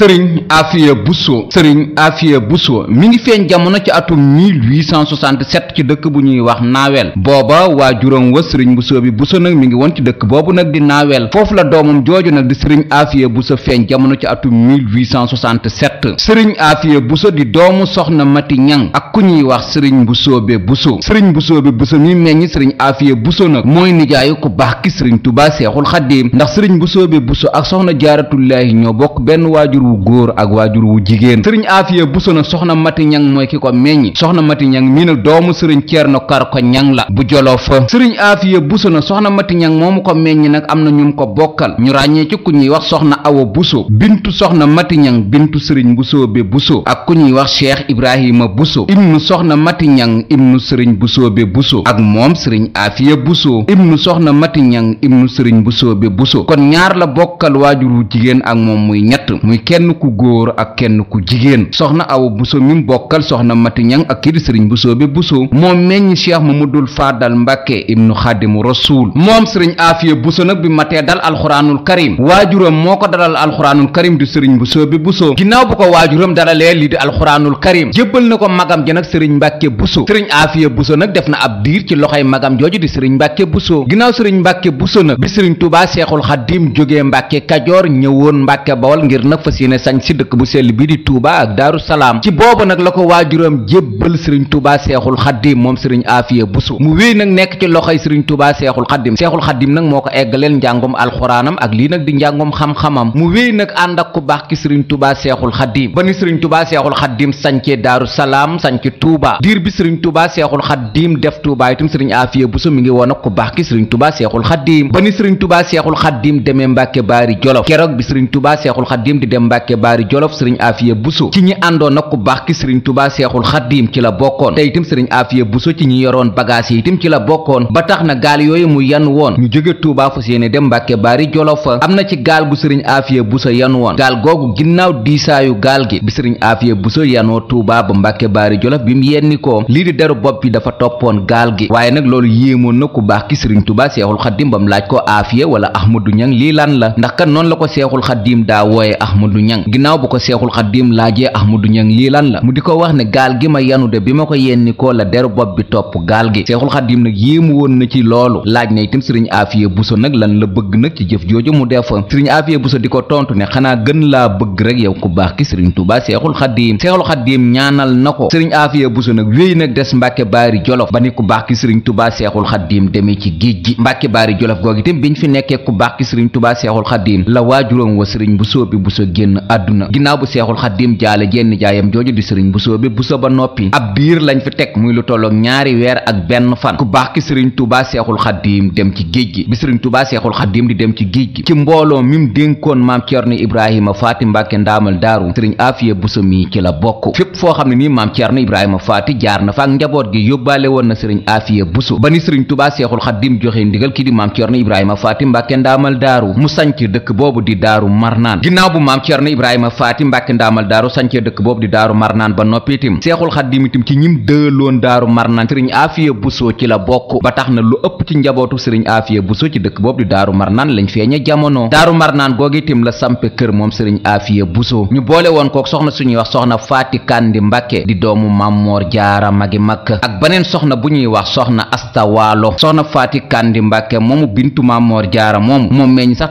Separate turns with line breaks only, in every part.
sëriñ afiya buso sëriñ afiya buso mi ngi feeñ jamono ci atum 1867 ci dëkk bu ñuy wax naawel booba waa juróom wa sëriñ buso bi buso nag mi ngi woon ci dëkk boobu nag di naawel foofu la doomam jooju nag di sëriñ afiya buso feeñ jamono ci atum 1867 sëriñ afiya buso di doomu soxna mati ñang ak ku ñuy wax sëriñ buso be buso sëriñ buso be buso mi meññ sëriñ afiya buso nag mooy nijaayu ku baax ki sëriñ tubaa seexul xaddiim ndax sëriñ buso be buso ak soxna jaaratullaahi ñoo bokk benn waajur wu góor ak waajur wu jigéen sëriñ aafiya buso na soxna mati ñang mooy ki ko meññi soxna mati ñang mii na doomu sëriñ ceerno kar ko ñang la bu jolof sëriñ aafiya buso na soxna mati ñang moomu ko meññi nag am na ñum ko bokkal ñu ràññee ci ku ñuy wax soxna awa buso bintu soxna mati bintu sëriñ busoobe buso ak ku ñuy wax cheikh ibrahima buso ibnu soxna mati ibnu sëriñ busoobe buso ak moom sëriñ aafiya buso ibnu soxna mati ñang ibnu sëriñ busoobe buso kon ñaar la bokkal waajur wu jigéen ak moom muy ñett kenn ku góor ak kenn ku jigéen soxna awa buso mi bokkal soxna mati ñang ak kii di sëriñ busoo bi busoo moo meññ cheikh mamadul faadal mbàkke ibnu xaadimu rasuul moom sëriñ aafiya buso nag bi matee dal alxuraanul karim waajuram moo ko dalal alxuraanul karim di sëriñ busoo bi busoo ginnaaw bu ko waajuram dalalee lii di alxuraanul karim jébbal na ko magam ji nag sëriñ mbàkke buso sëriñ aafiya buso nag def na ab diir ci loxoy magam jooju di sëriñ mbàkke buso ginnaaw sëriñ mbàkke buso nag bi sëriñ tubaa seexul xaddim jógee mbàkke kajoor ñëwoon yéene sañ si dëkk bu sell bi di Touba ak Daaru Salaam ci boobu nag la ko waajuram jébbal sëriñ Touba Seexul Xaddim moom sëriñ Afiya Buso mu wéy nag nekk ci loxoy sëriñ Touba Seexul Xaddim Seexul Xaddim nag moo ko eggaleel njàngom alxuraanam ak lii nag di njàngom xam-xamam mu wéy nag ànd ak ku baax ki sëriñ Touba Seexul Xaddim ba ni sëriñ Touba Seexul Xaddim sañcee Daaru Salaam sañc Touba diir bi sëriñ Touba Seexul Xaddim def Touba itam sëriñ Afiya Buso mi ngi woon ak ku baax ki sëriñ Touba Seexul Xaddim ba ni sëriñ Touba Seexul Xaddim demee Mbàkke Baari Jolof keroog bi sëriñ Touba Seexul Xaddim di dem mbàkke baari jolof sëriñ afiya buso ci ñi àndoon nag ku baax ki sëriñ tubaa seexul xaddiim ci la bokkoon te itam sëriñ afiya buso ci ñi yoroon bagaas yi itam ci la bokkoon ba tax na gaal yooyu mu yan woon ñu jóge tuubaa fas yéene dem mbàkke baari jolof am na ci gaal gu sëriñ afiya buso yan woon gaal googu ginnaaw diisaayu gaal gi bi sëriñ afiya buso yanoo tuubaa ba mbàkke baari jolof bi mu yenni ko lii di deru bopp bi dafa toppoon gaal gi waaye nag loolu yéemoon na ku baax ki sëriñ tubaa seexul xaddiim bam laaj ko ko seexul xaddiim ñang ginnaaw bu ko seexul xaddiim laajee ahmadu ñang lii lan la mu di ko wax ne gaal gi ma yanu de bi ma ko yenni koo la deru bopp bi topp gaal gi seexul xaddiim nag yéemu woon na ci loolu laaj na itam sëriñ aafiye buso nag lan la bëgg nag ci jëf jooju mu def sëriñ aafiye buso di ko tontu ne xanaa gën laa bëgg rek yow ku baax ki sëriñ tuubaa seexul xaddiim seexul xaddiim ñaanal na ko sëriñ aafiye buso nag wéy nag des mbàkke baari jolof ba ni ku baax ki sëriñ tubaa seexul xaddiim demee ci géej gi mbàkke baari jolof googu itam biñ fi nekkee ku baax ki sëriñ tubaa seexul xaddiim la waajuroom wa sëriñ buso bi buso génn génn àdduna ginnaaw bu seexul xaddim jaale jenn jaayam jooju di sëriñ busoo bi buso ba noppi ab diir lañ fi teg muy lu tolloog ñaari weer ak benn fan ku baax ki sëriñ tubaa seexul xaddim dem ci géej gi bi sëriñ tubaa seexul xaddim di dem ci géej gi ci mbooloo mim dénkoon maam ceerno ibrahima faati mbàkke ndaamal daaru sëriñ afiya buso mi ci la bokk fépp foo xam ne nii maam ceerno ibrahima faati jaar na fa ak njaboot gi yóbbaale woon na sëriñ afiya buso ba ni sëriñ tubaa seexul xaddim joxe ndigal ki di maam ibrahima faati mbàkke ndaamal daaru mu sanc dëkk boobu di daaru marnaan na ibrahima faati mbàkke ndaamal daaru sancee dëkk boobu di daaru marnaan ba noppi itim seexul xaddim itim ci ñim dëloon daaru marnaan sëriñ aafiya buso ci la bokk ba tax na lu ëpp ci njabootu sëriñ aafiya buso ci dëkk boobu di daaru marnaan lañ feeñe jamono daaru marnaan googu itim la sampe kër moom sëriñ aafiya buso ñu boole woon kook soxna suñuy wax soxna faati kandi mbàkke di doomu mammoor jaara magi makk ak beneen soxna bu ñuy wax soxna asta waalo soxna faati kandi mbàkke moomu bintu mammoor jaara moom moom meñ sax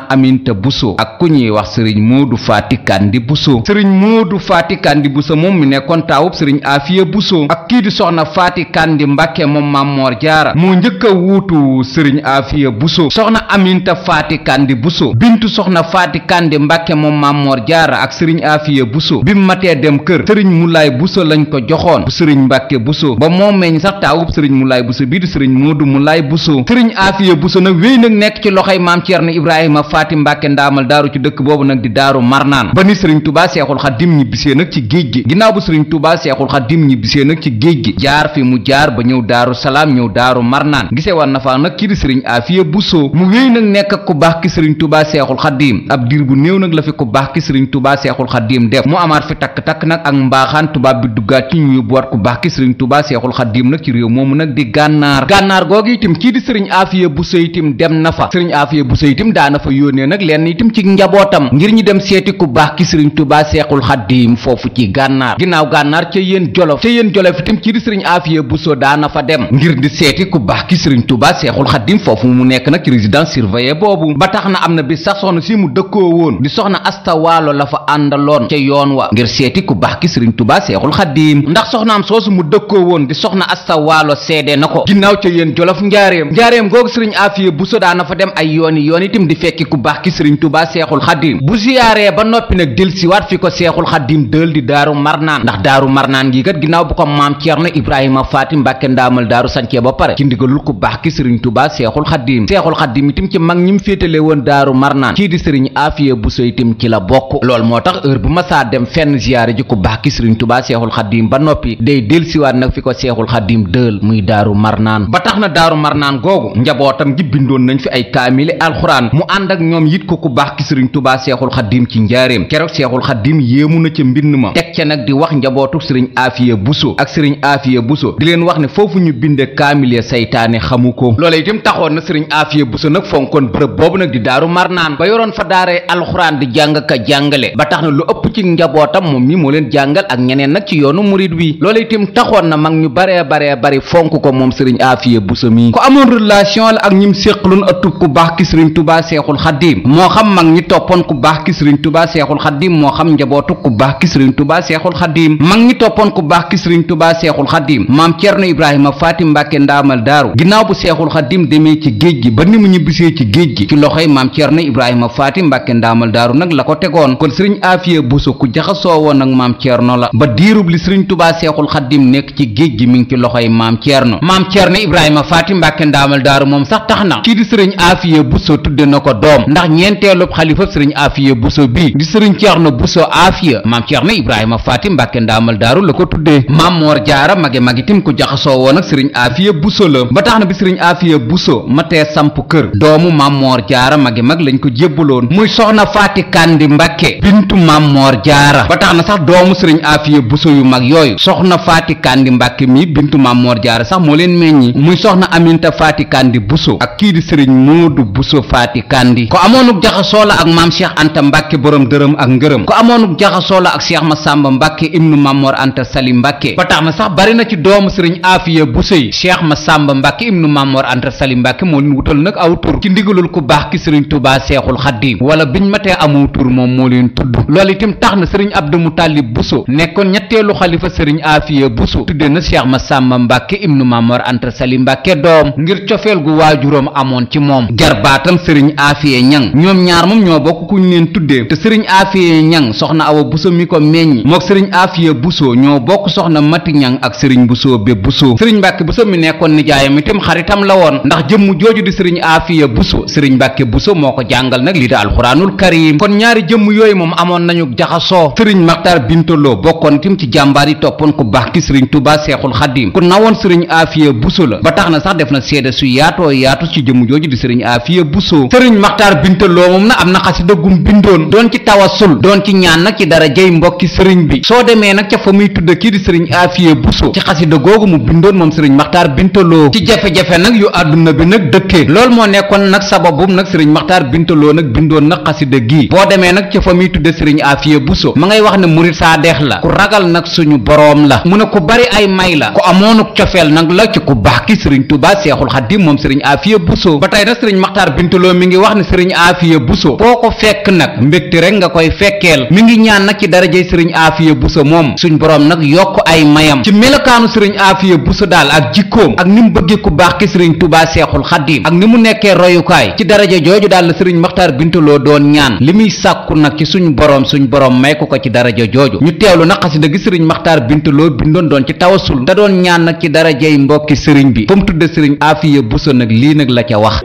soxna aminta buso ak ku ñuy wax sëriñ moodu faati kandi buso sëriñ moodu faati kandi buso moom mi nekkoon taawub sëriñ afiya buso ak kii di soxna faati kandi mbàkke moom mammoor jaara moo njëkk a wuutu sëriñ afiya buso soxna aminta faati kandi buso bintu soxna moom mammoor jaara ak sëriñ afiya buso bi mu matee dem kër sëriñ mulaay buso lañ ko joxoon bu sëriñ mbàkke buso ba moo meñ sax taawub sëriñ mulaay buso bii di sëriñ moodu mulaay buso sëriñ afiya buso nag wéy nag nekk ci loxoy maam ceerno ibrahima faati mbàkke ndaamal daaru ci dëkk boobu nag di daaru marnaan ba ni sëriñ tubaa seexul xadim ñibbisee gi ginnaaw bu sëriñ tubaa seexul xadim ñibbisee nag ci géej gi jaar fi mu jaar ba ñëw daaru salaam ñëw daaru marnaan na faa nag kii di sëriñ afiya buso mu wéy nag nekk ku baax ki sëriñ tubaa seexul xadim ab diir bu néew nag la fi ku baax ki sëriñ tubaa seexul xadim def mu amaat fi takk-takk nag ak mbaaxaan tubaab bi duggaat ci ñu yóbbuwaat ku baax ki sëriñ tubaa seexul xadim nag ci réew moomu nag di gànnaar gànnaar googu itam kii di sëriñ afiya buso itam dem na fa sëriñ afiya buso itam daana fa yónnee nag lenn itam ci njabootam ngir ñu dem seeti ku baax ki sëriñ tubaa seexul xaddiim foofu ci gànnaar ginnaaw gànnaar ca yéen jolof ca yéen jolof itam ci di sëriñ afiye buso daana fa dem ngir seeti ku baax ki sëriñ tubaa seexul xaddiim foofu mu nekk nag ci résidence surveillée boobu ba tax na am na bi sax soxna si mu dëkkoo woon di soxna asta waalo la fa àndaloon ca yoon wa ngir seeti ku baax ki sëriñ tubaa seexul xaddiim ndax soxnaam soosu mu dëkkoo woon di soxna asta waalo seede na ko ginnaaw ca yéen jolof njaareem njaareem googu sëriñ afiye buso daana fa dem ay yooni yoon itam di fekki ku baax ki sëriñ tubaa seexul xaddim bu ziyaaree ba noppi nag del siwaat fi ko seexul xaddim dël di daaru marnaan ndax daaru marnaan gi kat ginnaaw bu ko maam ceerno ibrahima faati mbàkke ndaamal daaru sancee ba pare ci ndigalul ku baax ki sëriñ tubaa seexul xaddim seexul xaddim itam ci mag ñi féetale woon daaru marnaan kii di sëriñ aafiya bu so itam ci la bokk loolu moo tax heure bu ma saa dem fenn ziyaare ji ku baax ki sëriñ tubaa seexul xaddim ba noppi day del siwaat nag fi ko seexul xaddim dël muy daaru marnaan ba tax na daaru marnaan googu njabootam gi bindoon nañ fi ay kaamili alxuraan mu ànd ak ñoom yit ko ku baax ki sëriñ tubaa seexul xaddim ci njaareem keroog seexul xaddim yéemu na ca mbind ma teg ca nag di wax njabootu sëriñ aafiya buso ak sëriñ aafiya buso di ko loola itam taxoon na sëriñ aafiya buso nag fonkoon bërëb boobu nag di daaru ba yoroon na lu ëpp ci njabootam moom mi moo leen jàngal ak ñeneen nag ci yoonu murid wi loola itam taxoon na mag ñu baree baree bari ko moom sëriñ aafiya buso mi ko amoon relation ku baax ki sëriñ tubaa seexul xaddim moo xam mag ñi toppoon ku baax ki sëriñ tubaa seexul xaddim moo xam njabootu ku baax ki sëriñ tubaa seexul xaddim mag ñi toppoon ku baax ki sëriñ tubaa seexul xaddim maam ceerno ibrahima faati mbàkke ndaamal daaru ginnaaw bu seexul xaddim demee ci géej gi ba ni mu ñibbisee ci ibrahima faati mbàkke ndaamal daaru nag la ko tegoon kon sëriñ aafiya buso ku jaxasoo woon ak maam ceerno la ba diirub li sëriñ tubaa seexul xaddim nekk ci géej gi mi ngi ci loxoy maam ceerno maam ceerno ibrahima faati mbàkke ndaamal daaru moom sax tax na kii di sëriñ aafiya buso tudde na ko doom doom ndax ñeenteelub xalifa sëriñ afiya buso bi di sëriñ ceerno buso afiya maam ceerno ibrahima faati mbàkke ndaamal daaru la ko tuddee maam moor jaara mage magitim ku jaxasoo woon ak sëriñ afiya buso la ba tax na bi sëriñ afiya buso matee samp kër doomu maam moor jaara mage mag lañ ko jébbaloon muy soxna faati kandi mbàkke bintu maam moor jaara ba tax na sax doomu sëriñ afiya buso yu mag yooyu soxna faati kandi mbàkke mi bintu maam moor jaara sax moo ko amoonuk jaxasoo la ak maam cheikh anta mbàkke borom dërëm ak ngërëm ko amoonuk jaxasoo la ak cheikh masàmba mbàkke ibnu mamor anta sali mbàkke ba tax na sax bari na ci doomu sëriñ aafiya bu sëy cheikh masàmba mbàkke ibnu mamor anta sali mbàkke moo leen wutal nag aw tur ci ndigalul ku baax ki sëriñ tubaa seexul xaddiim wala biñ matee amu tur moom moo leen tudd lool itam tax na sëriñ abdu mutalib buso nekkoon ñetteelu xalifa sëriñ aafiya buso tudde na ma masàmba mbàkke nu mamor anta sali mbàkke doom ngir cofeel gu waajuram amoon ci moom jarbaatam sëriñ aafiya afiye ñang ñoom ñaar moom ñoo bokk kuñ leen tuddee te sëriñ afiye ñang soxna awa buso mi ko meññ mook sëriñ afiye buso ñoo bokk soxna mati ñan ak sëriñ buso be buso sëriñ mbàkke buso mi nekkoon nijaayam itam xaritam la woon ndax jëmm jooju di sëriñ afiye buso sëriñ mbàkke buso moo ko jàngal nag lii di alxuraanul karim kon ñaari jëmm yooyu moom amoon nañu jaxasoo sëriñ maxtaar bintaloo bokkoon itam ci jàmbaar yi toppoon ku baax ki sëriñ tubaa seexul xadim ku nawoon sëriñ afiye buso la ba tax na sax def na seede su yaatoo yaatu ci jëmm jooju di sëriñ afiye Moxtaar Binta Lo moom na am na xasida gum bindoon doon ci tawasul doon ci ñaan nag ci dara jëy mbokki sëriñ bi soo demee nag ca fa muy tudda kii di sëriñ Afiye Buso ci xasida googu mu bindoon moom sëriñ Moxtaar Binta Lo ci jafe-jafe nag yu àdduna bi nag dëkkee loolu moo nekkoon nag sababum nag sëriñ Moxtaar Binta Lo nag bindoon nag xasida gii boo demee nag ca fa muy tudda sëriñ Afiye Buso ma ngay wax ne murit saa deex la ku ragal nag suñu boroom la mu ne ko bari ay may la ku amoonuk cofeel nag la ku baax ki sëriñ ba tey nag sëriñ aafiya buso foo ko fekk nag mbégte rek nga koy fekkeel mu ngi ñaan nag ci darajey sëriñ aafiya buso moom suñu borom nag yokk ay mayam ci melokaanu sëriñ aafiya buso daal ak jikkoom ak ni mu bëggee ku baax ki sëriñ tubaa seexul xaddiim ak ni mu nekkee royukaay ci daraja jooju daal la sëriñ maxtaar bintaloo doon ñaan li muy sàkku nag ci suñu borom suñu borom may ko ko ci daraja jooju ñu teewlu nag xasida gi sëriñ maxtaar bintaloo bindoon doon ci tawasul te doon ñaan nag ci darajey mbokki sëriñ bi fa mu tudde sëriñ aafiya buso nag lii nag la ca wax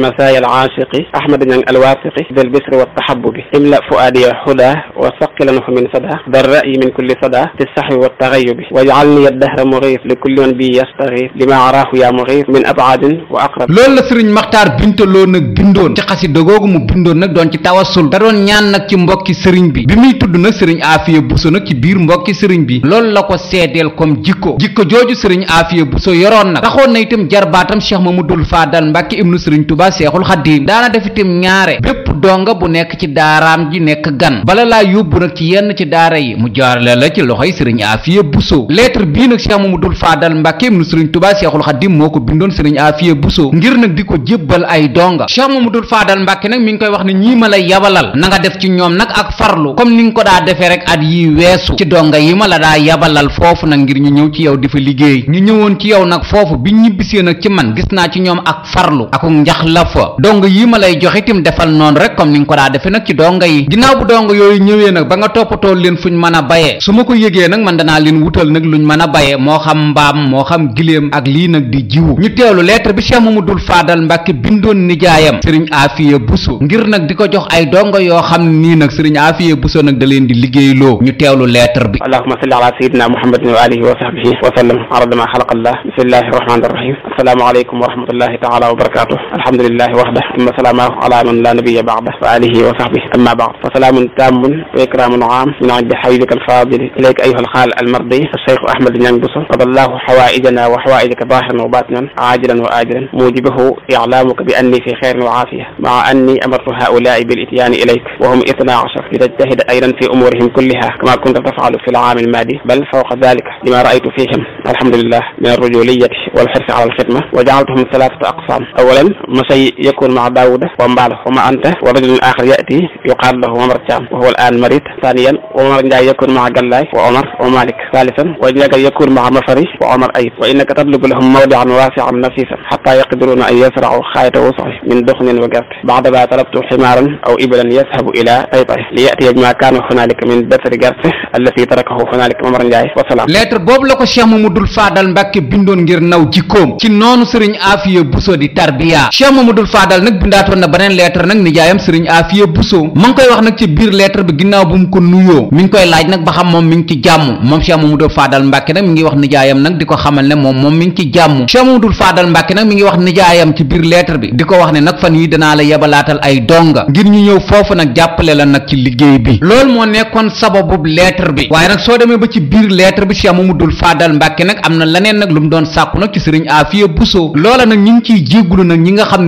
masaaya alaasiqi ahmad ñang alwaasiqi del bisri wa tahabubi imla fuaadiya huda wa saqilanhu min sada darra'i min kulli sada fi sahwi wa taghayubi waj'alni ad-dahra mughif li kulli man bi yastaghif lima arahu ya mughif min ab'adin wa aqrab
loolu la sëriñ maxtaar bintaloo nag bindoon ci xasida googu mu bindoon nag doon ci tawassul da doon ñaan nag ci mbokki sëriñ bi bi muy tudd nag sëriñ aafiya buso nag ci biir mbokki sëriñ bi loolu la ko seedeel comme jikko jikko jooju sëriñ aafiya buso yoroon nag taxoon na itam jarbaatam cheikh mamadul faadal mbàkke ibnu sëriñ tuba daara seexul xaddiim daana def itam ñaare bépp donga bu nekk ci daaraam ji nekk gan bala yóbbu nag ci yenn ci daara yi mu jaarale la ci loxoy yi Afiya Buso lettre bii nag Cheikh Mamadou Fadal Mbàkke mu sëriñ Tuubaa seexul xaddiim moo ko bindoon sëriñ Afiya Buso ngir nag di ko jébbal ay donga mu Mamadou Fadal Mbàkke nag mi ngi koy wax ni ñii ma la yabalal nanga def ci ñoom nag ak farlu comme ni nga ko daa defee rek at yi weesu ci donga yi ma la daa yabalal foofu nag ngir ñu ñëw ci yow di fa liggéey na fa ma lay jox itam defal noonu rek comme ni nga ko daa defe nag ci donga yi ginnaaw bu dong yooyu ñëwee nag ba nga toppatoo leen fuñ mën a bayee su ma ko yëgee nag man danaa leen wutal nag luñ mën a bayee moo xam mbaam moo xam giléem ak lii nag di jiwu ñu teewlu lettre bi Cheikh dul Fadal Mbàkke bindoon nijaayam sëriñ Afiye Buso ngir nag di ko jox ay dongo yoo xam nii nag sëriñ Afiye Buso nag da leen di liggéeyloo ñu teewlu lettre bi
allahuma salli ala sayidina muhammadin wa alihi wa sahbihi wa sallam arada ma xalaqallah bismillahi rahmani rahim assalaamu alhamdulillahi waxda amma salaamu ala man la nabiyya ba'da wa alihi wa sahbihi amma ba'd fa salaamun taamun wa ikraamun aam min indi hayyika alfaadil ilayka ayyuha alxaal almardi alcheikh ahmad ñang buso qadallahu xawaaijana wa xawaaijaka zaahiran wa baatinan aajilan wa aajilan muujibahu i'laamuka bi anni fi xeyrin wa aafiya maa anni amartu haa'ulaa'i bil ityaani ilayk wa hum itnaa ashar litajtahida aydan fi umuurihim kullihaa kamaa kunta taf'alu fi al'aami almaadi bal fawqa daalika limaa ra'aytu fiihim alhamdulillah min arrujuliyati walxirsi ala alxidma wa ja'altuhum salaasata aqsaam awalan ay yakun maa daawuda wa mbaal fa ma anta wa rajulun axar yati yuqaal lahu Omar Thiam wa huwa al aan marid thaniyan wa Omar Ndiaye yakun maa Gallaay wa Omar wa Malick thalithan wa Ndiagal yakun maa Mafari wa Omar Ayib wa innaka tatlubu lahum mawdian waasian nafisan xataa yaqdiruna an yasracu xaayata wusaxi min duxnin wa gerte baxda ba talabtu ximaaran aw ibalan yashabu ila taytay li yatiya ma kaana hunaalika min basari gerte allati tarakahu hunaalika Omar Ndiaye wa salaam lettre
boobu la ko Cheikh Mamadou Fadal Mbacke bindoon ngir naw jikkoom ci noonu Serigne Afia Bousso di tarbiya Mamadou Fadal nag bindaatoon na beneen lettre nag nijaayam sëriñ Afia Bousso ma ngi koy wax nag ci biir lettre bi ginnaaw bu mu ko nuyoo mi ngi koy laaj nag ba xam moom mi ngi ci jàmm moom Cheikh Mamadou Fadal Mbàkke nag mi ngi wax nijaayam nag di ko xamal ne moom moom mi ngi ci jàmm Cheikh Mamadou Fadal Mbàkke nag mi ngi wax nijaayam ci biir lettre bi di ko wax ne nag fan yi danaa la yebalaatal ay donga ngir ñu ñëw foofu nag jàppale la nag ci liggéey bi loolu moo nekkoon sababu lettre bi waaye nag soo demee ba ci biir lettre bi Cheikh Mamadou Fadal Mbàkke nag am na leneen nag lu mu doon sàkku nag ci sëriñ Afia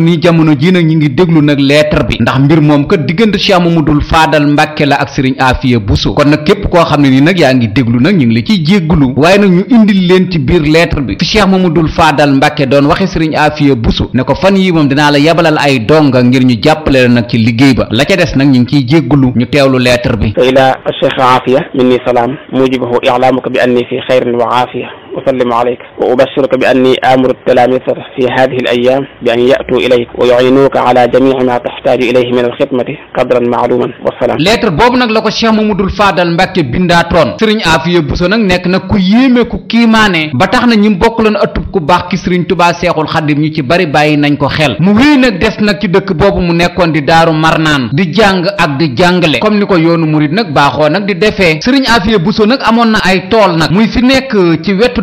ni jamono ji nag ñi ngi déglu nag lettre bi ndax mbir moom kat diggante Cheikh dul faadal Mbàkke la ak Serigne Afia Bousso kon nag képp koo xam ne nii nag yaa ngi déglu nag ñu ngi la ciy jégglu waaye nag ñu indil leen ci biir lettre bi fi Cheikh dul faadal Mbàkke doon waxe Serigne Afia Bousso ne ko fan yi moom dinaa la yebalal ay donga ngir ñu jàppale la nag ci liggéey ba la ca des nag ñu ngi ciy jégglu ñu teewlu lettre bi
ila Cheikh Afia minni salaam mujibahu i'lamuka bi anni fi khairin wa afia usallimu alayka wa ubashiruka bi anni amuru talaamisa fi hadihi al ayyam bi an yatu ilayk wa yuinuka ala jamici ma taxtaaju ilayhi min al xidmati qadran maaluman wasalaam lettre
boobu nag la ko cheikh mamadul faadal mbàkke bindaatoon sëriñ afiya buso nag nekk nag ku yéeme ku kiimaane ba tax na ñi bokkaloon atub ku baax ki sëriñ tubaa seexul xadim ñu ci bari bàyyi nañ ko xel mu wéy nag des nag ci dëkk boobu mu nekkoon di daaru marnaan di jàng ak di jàngale comme ni ko yoonu murit nag baaxoo nag di defee sëriñ afiya buso nag amoon na ay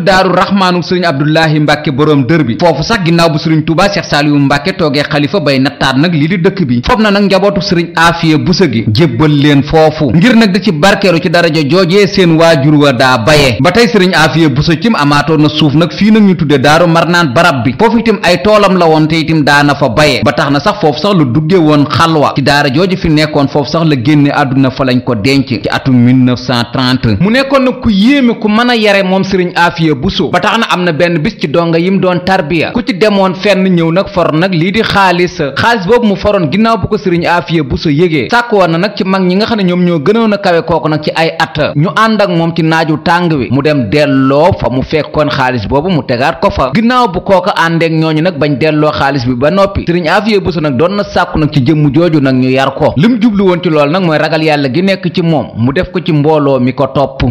wetu daaru raxmaanu sëriñ abdullahi mbàkke boroom dër bi foofu sax ginnaaw bu sëriñ tuuba seex saaliyu mbàkke toogee xalifa bay nattaat nag lii di dëkk bi fob na nag njabootu sëriñ aafiya busa gi jébbal leen foofu ngir nag da ci barkeeru ci daraja joojee seen waajur wa daa baye ba tey sëriñ aafiya busa cim amaatoon na suuf nag fii nag ñu tudde daaru marnaan barab bi foofu itam ay toolam la woon te itam daana fa baye ba tax na sax foofu sax la duggee woon xalwa ci daara jooju fi nekkoon foofu sax la génne àdduna fa lañ ko denc ci atum 1930 mu nekkoon nag ku yéeme mën a yare moom sëriñ aafiya Mathieu Bousso ba tax na am na benn bis ci donga yim doon tarbiya ku ci demoon fenn ñëw nag for nag lii di xaalis xaalis boobu mu foroon ginnaaw bu ko sëriñ Afia Bousso yëgee sàkk woon na nag ci mag ñi nga xam ne ñoom ñoo gënoon a kawe kooku nag ci ay at ñu ànd ak moom ci naaju tàng wi mu dem delloo fa mu fekkoon xaalis boobu mu tegaat ko fa ginnaaw bu kooku àndeek ñooñu nag bañ delloo xaalis bi ba noppi sëriñ Afia Bousso nag doon na sàkku nag ci jëmm jooju nag ñu yar ko lim jublu woon ci loolu nag mooy ragal yàlla gi nekk ci moom mu def ko ci mbooloo mi ko topp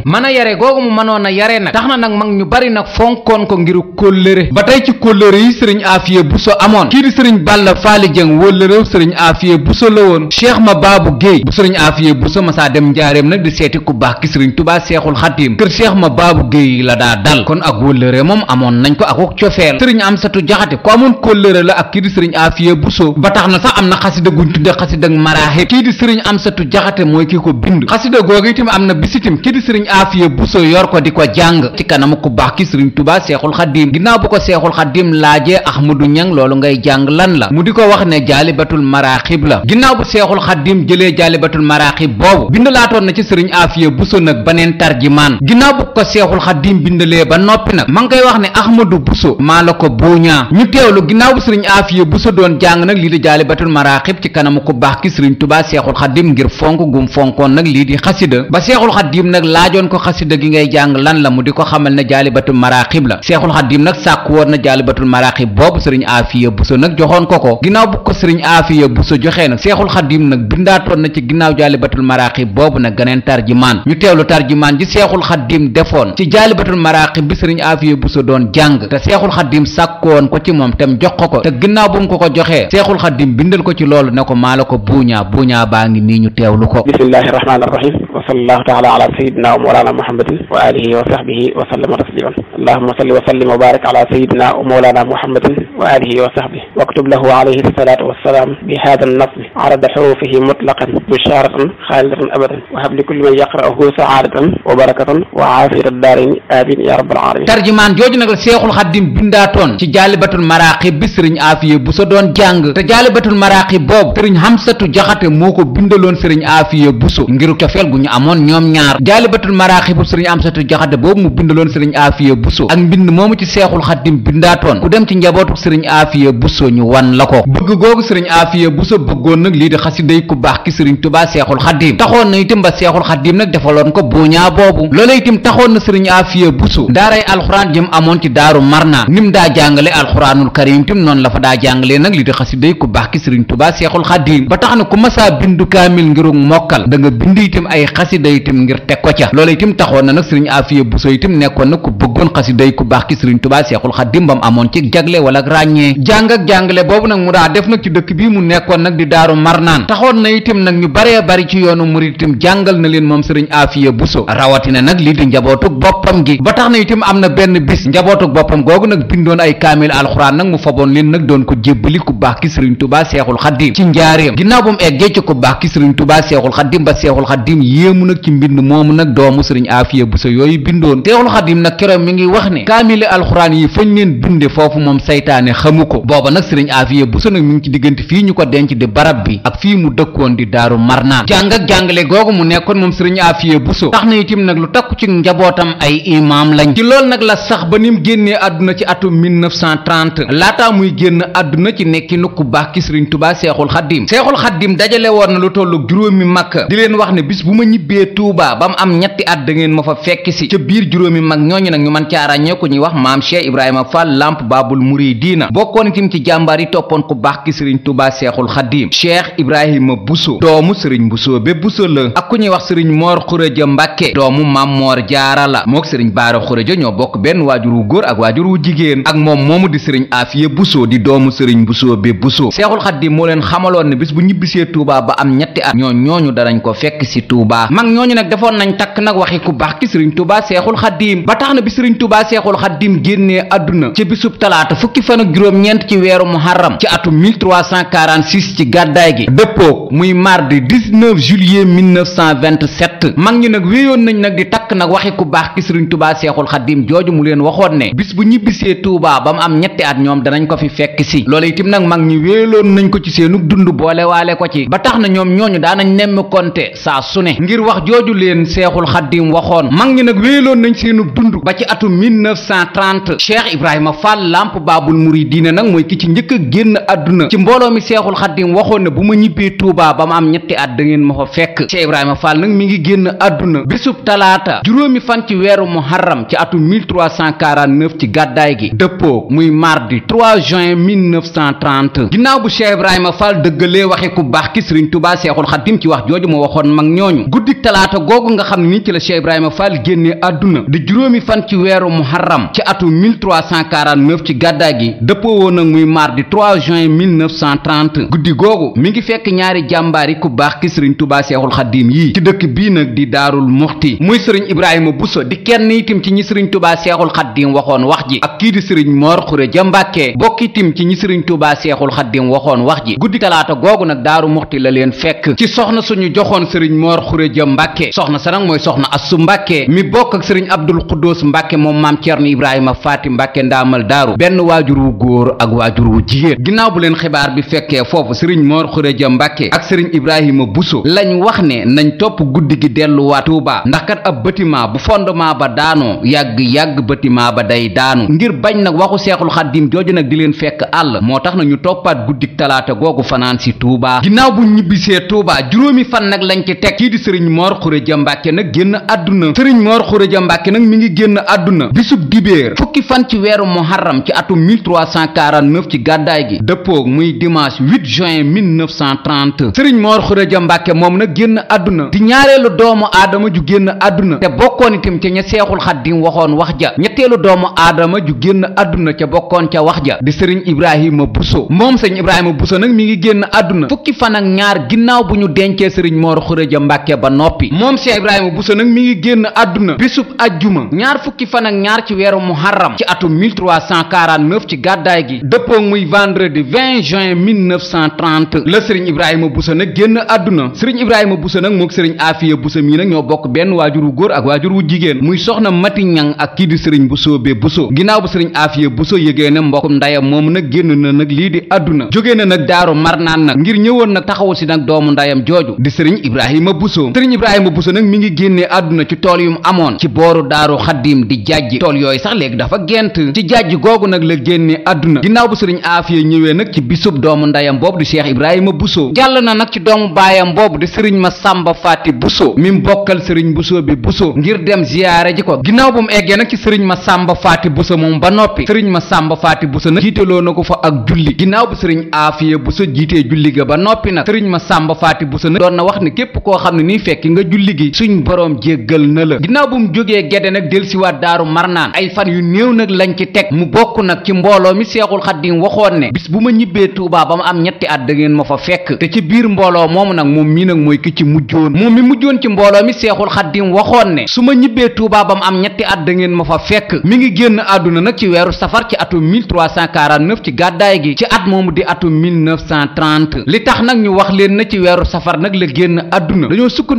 bari nag fonkoon ko ngir kóllëre ba tey ci kóllëre yi sëriñ Afia Bousso amoon kii di sëriñ Balla Faali Jeng wóllërew sëriñ Afia Bousso la woon Cheikh ma baabu Géey bu sëriñ Afia Bousso saa dem njaareem nag di seeti ku baax ki sëriñ Tubaa Seexul Xadiim kër Cheikh ma baabu Géey la daa dal kon ak wóllëre moom amoon nañ ko ak ak cofeel sëriñ Amsatu Jaxate ko amoon kóllëre la ak kii di sëriñ Afia Bousso ba tax na sax am na xasida guñ tudde xasida ak maraaxib kii di sëriñ Amsatu Jaxate mooy kii ko am na bisitim kii di sëriñ Afia ko di ko baax ki sëriñ tubaa seexul xaddiim ginnaaw bu ko seexul xaddiim laajee ahmadu ñang loolu ngay jàng lan la mu di ko wax ne jaalibatul maraaxib la ginnaaw bu seexul xaddiim jëlee jaalibatul maraaxib boobu bindalaatoon na ci sëriñ afiya buso nag baneen tarjimaan ginnaaw bu ko seexul xaddiim bindalee ba noppi nag ma ngi koy wax ne ahmadu buso maa la ko buuñaa ñu teewlu ginnaaw bu sëriñ afiya buso doon jàng nag lii di jaalibatul maraaxib ci kanamu ku baax ki sëriñ tubaa seexul xaddiim ngir fonk gum fonkoon nag lii di xasida ba seexul xaddiim nag laajoon la mu jaalibatul maraaxib la seexul xaddim nag sàkk woon na jaalibatul maraaxib boobu sëriñ aafiya buso nag joxoon ko ko ginnaaw bu ko sëriñ aafiya buso joxee nag seexul xaddim nag bindaatoon na ci ginnaaw jaalibatul maraaxib boobu nag ganeen tarjimaan ñu teewlu tarjimaan ji seexul xaddim defoon ci jaalibatul maraaxib bi sëriñ aafiya buso doon jàng te seexul xaddim sàkkoon ko ci moom tam jox ko ko te ginnaaw bu mu ko ko joxee seexul xaddim bindal ko ci loolu ne ko maa ko buuñaa buuñaa baa ngi nii ñu teewlu ko bismillahi
rahmaani sallallahu taala ala sayidina wa mawlana muhammadin wa alihi wa sahbihi wa sallama tasliman allahuma salli wa sallim wa barik ala sayidina wa mawlana muhammadin wa alihi wa sahbihi waktub lahu alayhi salatu wassalam bi hada annasmi arada xurufihi mutlaqan bisharatan xaalidatan abadan wa hab li kulli man yaqra'uhu saadatan wa barakatan wa aafiyatan daarayni amin ya rabbal alamin
tarjumaan jooju nag la seexul xaddim bindaatoon ci jaalibatul maraqib bi sëriñ aafiye bu sa doon jàng te jaalibatul maraqib boobu sëriñ xamsatu jaxate moo ko bindaloon sëriñ aafiye bu so ngir cofeel gu ñu am amoon ñoom ñaar jaalibatul maraaxibu sëriñ amsatu jaxate boobu mu bindaloon sëriñ aafiya buso ak mbind moomu ci seexul xaddim bindaatoon ku dem ci njabootu sëriñ aafiya buso ñu wan la ko bëgg googu sëriñ aafiya buso bëggoon nag lii di xasiday ku baax ki sëriñ tubaa seexul xaddim taxoon na itam ba seexul xaddim nag defaloon ko buuñaa boobu loola itam taxoon na sëriñ aafiya buso daaray alxuraan jëm amoon ci daaru marnaa nim daa jàngale alxuraanul la fa daa jàngale nag ba tax na ku masaa bindu xasida itam ngir teg ko ca na nag sëriñ Afiya Buso itam nekkoon na ku bëggoon xasida jàngale boobu nag mu daa def nag ci dëkk bii mu nekkoon nag di daaru marnaan taxoon na itam nag ñu baree bari ci yoonu murid itam jàngal na leen moom sëriñ Afiya Buso rawatina nag lii di njabootug boppam gi ba tax na itam am na benn bis njabootug boppam googu nag bindoon ay kaamil alxuraan nag mu faboon leen nag doon ko jébbali ku baax ki sëriñ Tuubaa Seexul Xadiim ci njaareem ginnaaw bu mu eggee ci ku baax ki sëriñ Tuubaa Seexul Xadiim ba Seexul jëmm nag ci mbind moomu nag doomu sëriñ Afia Buso yooyu bindoon Seexul Xadim nag keroog mi ngi wax ne kaamile alxuraan yi fañ leen binde foofu moom saytaane xamu ko booba nag sëriñ Afia Buso nag mi ngi ci diggante fii ñu ko denc di barab bi ak fii mu dëkkoon di daaru marnaan jàng ak jàngale googu mu nekkoon moom sëriñ Afia Buso tax na itam nag lu takku ci njabootam ay imaam lañ ci loolu nag la sax ba ni mu génnee àdduna ci atum 1930 laataa muy ku baax ki sëriñ Tubaa Seexul Xadim Seexul Xadim dajale woon na ñibbee Touba ba mu am ñetti at da ngeen ma fa fekk si ca biir juróomi mag ñooñu nag ñu mën caa ràññee ku ñuy wax maam Cheikh Ibrahima Fall Lamp Baabul Muridiina bokkoon itam ci jàmbaar yi toppoon ku baax ki sëriñ Touba Seexul Xadiim Cheikh Ibrahima Bousso doomu sëriñ Bousso be Bousso la ak ku ñuy wax sëriñ Moor Xuraja Mbàkke doomu maam Moor Jaara la mook sëriñ Baara Xuraja ñoo bokk benn waajur góor ak waajur wu ak moom moomu di sëriñ Afiye Bousso di doomu sëriñ Bousso be Bousso Seexul Xadiim moo leen xamaloon ne bis bu ñibbisee Touba ba am ñetti at ñoo ñooñu danañ ko fekk si Touba mag ñooñu nag defoon nañ takk nag waxi ku baax ki sëriñ tubaa seexul xaddiim ba tax na bi sëriñ tubaa seexul xaddiim génne àdduna ci bisub talaata fukki fan ak juróom-ñeent ci weeru muharram ci atum 1346 ci gàddaay gi dëppoog muy mardi 19 juillet 1927 mag ñi nag wéyoon nañ nag di takk nag waxi ku baax ki sëriñ tubaa seexul xaddiim jooju mu leen waxoon ne bis bu ñibbisee tuubaa ba mu am ñetti at ñoom danañ ko fi fekk si loolu itam nag mag ñi wéeloon nañ ko ci seenu dund boolewaale ko ci ba tax na ñoom ñooñu daanañ nemm konte saa su ne ngir wax jooju leen seexul xaddim waxoon mag ñi nag wéyloon nañ seenu dund ba ci atum 1930 cheikh ibrahima fall lamp baabul muridina nag mooy ki ci njëkk a génn àdduna ci mbooloo mi seexul xaddim waxoon ne bu ma ñibbee Touba ba ma am at da ngeen ma fa fekk cheikh ibrahima fall nag mi ngi génn àdduna bésub talaata juróomi fan ci weeru muharram ci atum 1349 ci gàddaay gi dëppoo muy mardi 3 juin 1930 ginnaaw bu cheikh ibrahima fall dëggalee waxe ku baax ki sëriñ Touba seexul xaddim ci wax jooju mu waxoon mag ñooñu guddik talaata googu nga xam ni ci la Cheikh Ibrahima Fall génnee àdduna di juróomi fan ci weeru muharram ci atu 1349 ci gàddaay gi dëppoo woon nag muy mardi 3 juin 1930 guddi googu mi ngi fekk ñaari jàmbaar yi ku baax ki sëriñ Tuubaa Seexul Xaddiim yii ci dëkk bii nag di Daarul Muxti muy sëriñ Ibrahima Bousso di kenn itam ci ñi sëriñ Tuubaa Seexul Xaddiim waxoon wax ji ak kii di sëriñ Mor Xureja Mbàkke bokk itam ci ñi sëriñ Tuubaa Seexul Xaddiim waxoon wax ji guddi talaata googu nag Daaru Muxti la leen fekk ci soxna suñu joxoon sëriñ Mor Xureja Khadija Mbàkke soxna sa nag mooy soxna Assu Mbàkke mi bokk ak sëriñ Abdul Xuddóos Mbàkke moom maam Ceerno Ibrahima Faati Mbàkke ndaamal daaru benn waajur wu góor ak waajur wu jigéen ginnaaw bu leen xibaar bi fekkee foofu sëriñ Moor Khadija Mbàkke ak sëriñ Ibrahima Buso lañ wax ne nañ topp guddi gi delluwaat Tuuba ndax kat ab bâtiment bu fondement ba daanoo yàgg-yàgg bâtiment ba day daanu ngir bañ nag waxu Seexul Xaddiim jooju nag di leen fekk àll moo tax na ñu toppaat guddik talaata googu fanaan si sëriñ moor xuréja mbàkke nag génn àdduna sëriñ moor xuréja mbàkke nag mi ngi génn àdduna bisub dibéer fukki fan ci weeru muharram ci atum 1349 ci gàddaay gi dëppoog muy dimanche 8 juin 1930 sëriñ moor xuréja mbàkke moom nag génn àdduna di ñaareelu doomu aadama ju génn àdduna te bokkoon itam ca ña seexul xaddim waxoon wax ja ñetteelu doomu aadama ju génn àdduna ca bokkoon ca wax ja di sëriñ ibrahima buso moom sëñ ibrahima buso nag mi ngi génn àdduna fukki fan ak ñaar ginnaaw bu ñu dencee sëriñ moor xuréja noppi moom Cheikh Ibrahima Bousso nag mi ngi génn àdduna bisub ajjuma ñaar fukki fan ak ñaar ci weeru muharram ci atum 1349 ci gàddaay gi dëppoo muy vendredi 20 juin 1930 la sëriñ Ibrahima Bousso nag génn àdduna sëriñ Ibrahima Bousso nag moog sëriñ Afiya Bousso mii nag ñoo bokk benn waajur wu góor ak waajur wu jigéen muy soxna Mati Ñang ak kii di sëriñ Bousso be Bousso ginnaaw bu sëriñ Afiya Bousso yëgee ne mbokkum ndayam moom nag génn na nag lii di àdduna jóge na nag daaru Marnaan nag ngir ñëwoon nag taxawu si nag doomu ndayam jooju di sëriñ Ibrahima Bousso Serigne Ibrahima Bousso nag mi ngi génnee àdduna ci tool yum amoon ci booru daaru xaddiim di jajji tool yooyu sax léegi dafa gént ci jajji googu nag la génnee àdduna ginnaaw bu Serigne Afia ñëwee nag ci bisub doomu ndayam boobu di Cheikh Ibrahima Bousso jàll na nag ci doomu baayam boobu di Serigne Massamba Faty Bousso mi mu bokkal Serigne Bousso bi Bousso ngir dem ziyaare ji ko ginnaaw bu mu eggee nag ci Serigne Massamba Faty Bousso moom ba noppi Serigne Massamba Faty Bousso nag jiiteloo na ko fa ak julli ginnaaw bu Serigne Afia Bousso jiitee julli ga ba noppi nag Serigne Massamba Faty Bousso nag doon na wax ne képp koo xam ne nii ki nga julli gi suñ boroom jéggal na la ginnaaw bu mu jógee gedde nag delsiwaat daaru marnaan ay fan yu néew nag lañ ci teg mu bokk nag ci mbooloo mi seexul xaddim waxoon ne bis bu ma ñibbee tuubaa ba ma am ñetti at da ngeen ma fa fekk te ci biir mbooloo moomu nag moom mii nag mooy ki ci mujjoon moom mi mujjoon ci mbooloo mi seexul xaddim waxoon ne su ma ñibbee tuubaa ba ma am ñetti at da ngeen ma fa fekk mi ngi génn àdduna nag ci weeru safar ci atum 1349 ci gàddaay gi ci at moomu di atum 1930 li tax nag ñu wax leen na ci weeru safar nag la génn àdduna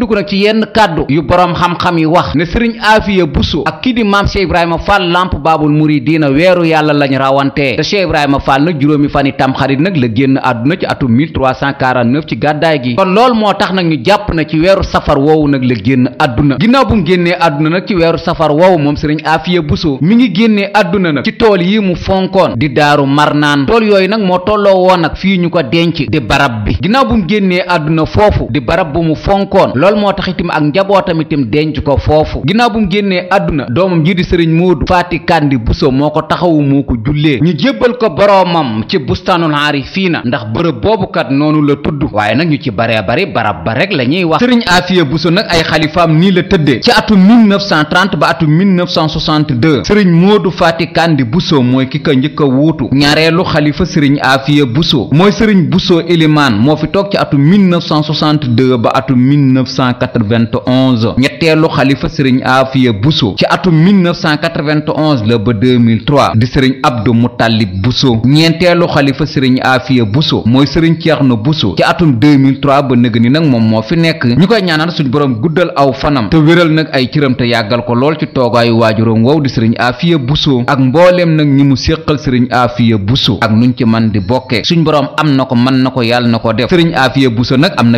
sukkandiku nag ci yenn kàddu yu boroom xam-xam yi wax ne sëriñ Afiya Buso ak kii di maam Cheikh Ibrahima Fall lamp baabul muridiina weeru yàlla lañ rawantee te Cheikh Ibrahima Fall nag juróomi fan yi tamxarit nag la génn àdduna ci atum 1349 ci gàddaay gi kon loolu moo tax nag ñu jàpp na ci weeru safar woowu nag la génn àdduna ginnaaw bu mu génnee àdduna nag ci weeru safar woowu moom sëriñ Afiya Buso mi ngi génnee àdduna nag ci tool yii mu fonkoon di daaru marnaan tool yooyu nag moo tolloo woon nag fii ñu ko denc di barab bi ginnaaw bu génnee àdduna foofu di barab bu mu fonkoon loolu moo tax itam ak njabootam itam denc ko foofu ginnaaw bu mu génnee àdduna doomam ji di sëriñ Moodu Faati Kandi Buso moo ko taxawu moo ko jullee ñu jébbal ko boroomam ci fii na ndax bërëb boobu kat noonu la tudd waaye nag ñu ci baree bari barab ba rek la ñuy wax sëriñ Afiya Buso nag ay xalifaam nii la tëddee ci atum 1930 ba atum 1962 sëriñ Moodu Faati Kandi Buso mooy ki ko njëkk a wuutu ñaareelu xalifa sëriñ Afiya Buso mooy sëriñ Buso Elimaan moo fi toog ci atum 1991 ñetteelu xalifa sëriñ Afia Bousso ci atum 1991 la ba 2003 di sëriñ Abdou Moutalib Bousso ñeenteelu xalifa sëriñ Afia Bousso mooy sëriñ Ceerno Bousso ci atum ba nëg ni nag moom moo fi nekk ñu koy ñaanal suñ borom guddal aw fanam te wéral nag ay cëram yàggal ko lool ci toogaayu waajuram wow di sëriñ Afia Bousso ak mbooleem nag ñi mu séqal sëriñ Afia Bousso ak ñu ci man di bokkee suñ borom am na ko mën na ko yàlla na ko def sëriñ Afia Bousso nag am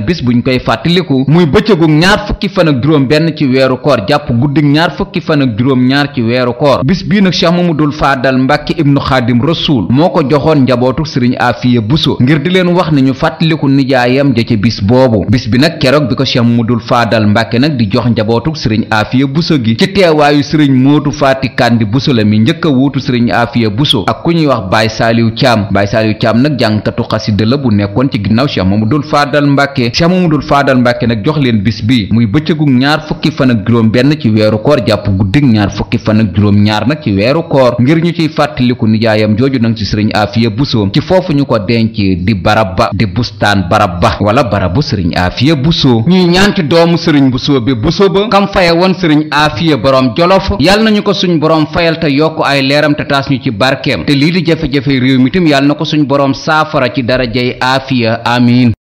bëccëgu ñaar fukki fan ak juróom benn ci weeru koor jàpp guddig ñaar fukki fan ak juróom ñaar ci weeru koor bis bii nag mu dul faadal mbàkke ibnu xaadim rasul moo ko joxoon njabootu sëriñ afiya buso ngir di leen wax ne ñu fàttaliku nijaayam ja ca bis boobu bis bi nag keroog bi ko mu dul faadal mbàkke nag di jox njabootu sëriñ afiya buso gi ci teewaayu sëriñ mootu faati kandi buso la mi njëkk a wuutu sëriñ afiya buso ak ku ñuy wax baay saaliw caam baay saaliw caam nag jàngkatu xasida la bu nekkoon ci ginnaaw cheikh bis bi muy bëccëgu ñaar fukki fan ak juróom benn ci weeru koor jàpp guddig ñaar fukki fan ak juróom ñaar nag ci weeru koor ngir ñu ciy fàttaliku nijaayam jooju nan ci sëriñ Afiya Buso ci foofu ñu ko denc di barab ba di bustaan barab ba wala bu sëriñ Afiya Buso ñuy ñaan ci doomu sëriñ Buso bi Buso ba kam faye woon sëriñ Afiya boroom Jolof yàlla nañu ko suñ boroom fayal te yokk ay leeram te ñu ci barkeem te lii di jafe-jafe réew mi tam yàlla na ko suñ boroom saafara ci darajay Afiya amiin